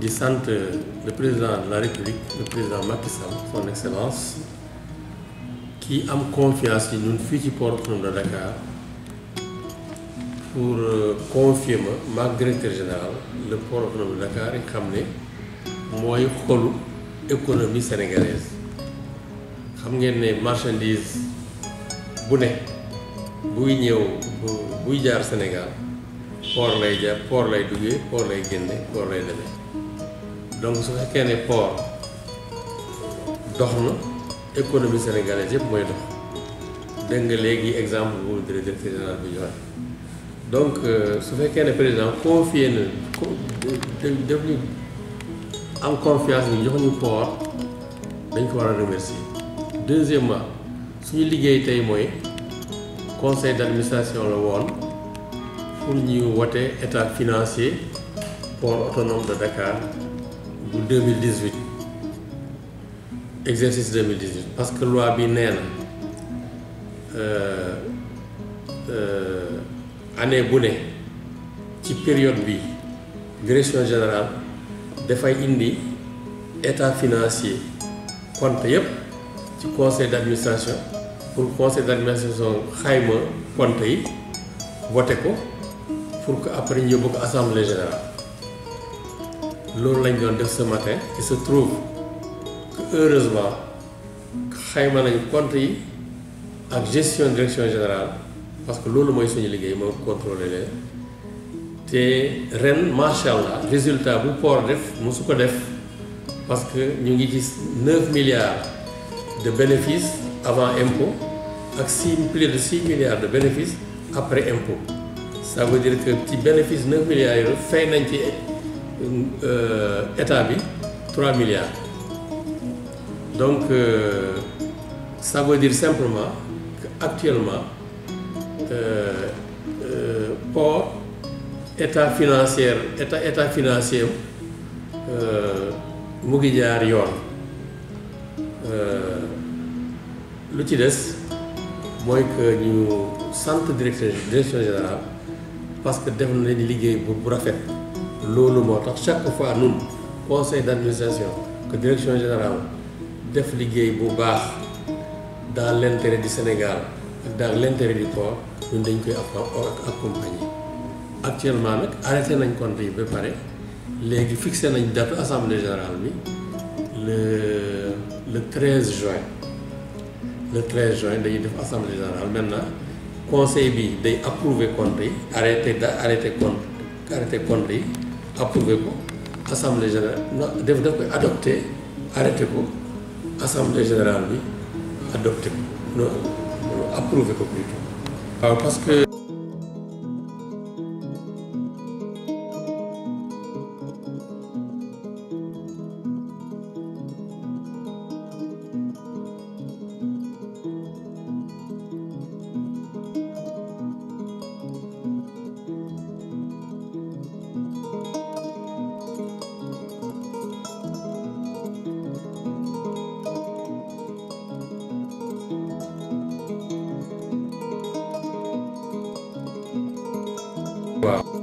le président de la république le président Macky Sall son excellence qui a confiance dans le futur ci port de Dakar pour euh, confirmer, ma général le port de Dakar moyen xam xolu économie sénégalaise xam ngeen ne marchandise bu né buy Sénégal port lay jàpp port lay duggee port lay génne port lay demee donc su fekkee ne port dox na économie sénégalaise yëpp mooy dox dégg nga léegi exemple bu directeur général bi joxe donc euh, su fekkee ne président confié na def ñu am confiance ñu jox ñu port dañ ko war a remercier deuxièmement suñu liggéey tey mooy conseil d'administration la woon pour nous wote état financier pour autonome de Dakar pour 2018 exercice 2018 parce que loi bi nee na euh, euh, année bu ne ci période bi direction générale dafay indi état financier compte yep ci conseil d'administration pour conseil d'administration xayma compte yi voté ko pour que après ñu yóbbu assemblée générale loolu lañ doon def ce matin il se trouve que heureusement xayma avec compte yi ak gestion direction générale parce que ce que suñu liggéey moo et leen ren résultat bu port def parce que ñu ngi gis 9 milliards de bénéfices avant impôt ak plus de 6 milliards de bénéfices après impôt ça veut dire que petit bénéfice 9 milliards d'euros, fait nañ l'État, euh, état 3 milliards donc euh, ça veut dire simplement qu'actuellement, pour euh, euh état financier état état financier mu ngi jaar l'outil que ñu directeur direction générale parce que def devons nous liggéey bu bu rafet loolu moo chaque fois nous conseil d'administration que direction générale def liggéey bu baax dans l'intérêt du Sénégal dans l'intérêt du port nous devons koy accompagner actuellement avons arrêté nañ compte yi ba pare fixé nañ date assemblée générale le 13 juin le 13 juin dañuy def assemblée générale maintenant conseil bi day approuver compte yi arrêté da arrêté compte arrêté compte yi approuver ko assemblée générale def daf koy adopté arrêté ko assemblée général bi adopté ko non approuvé ko plutôt waaw parce well.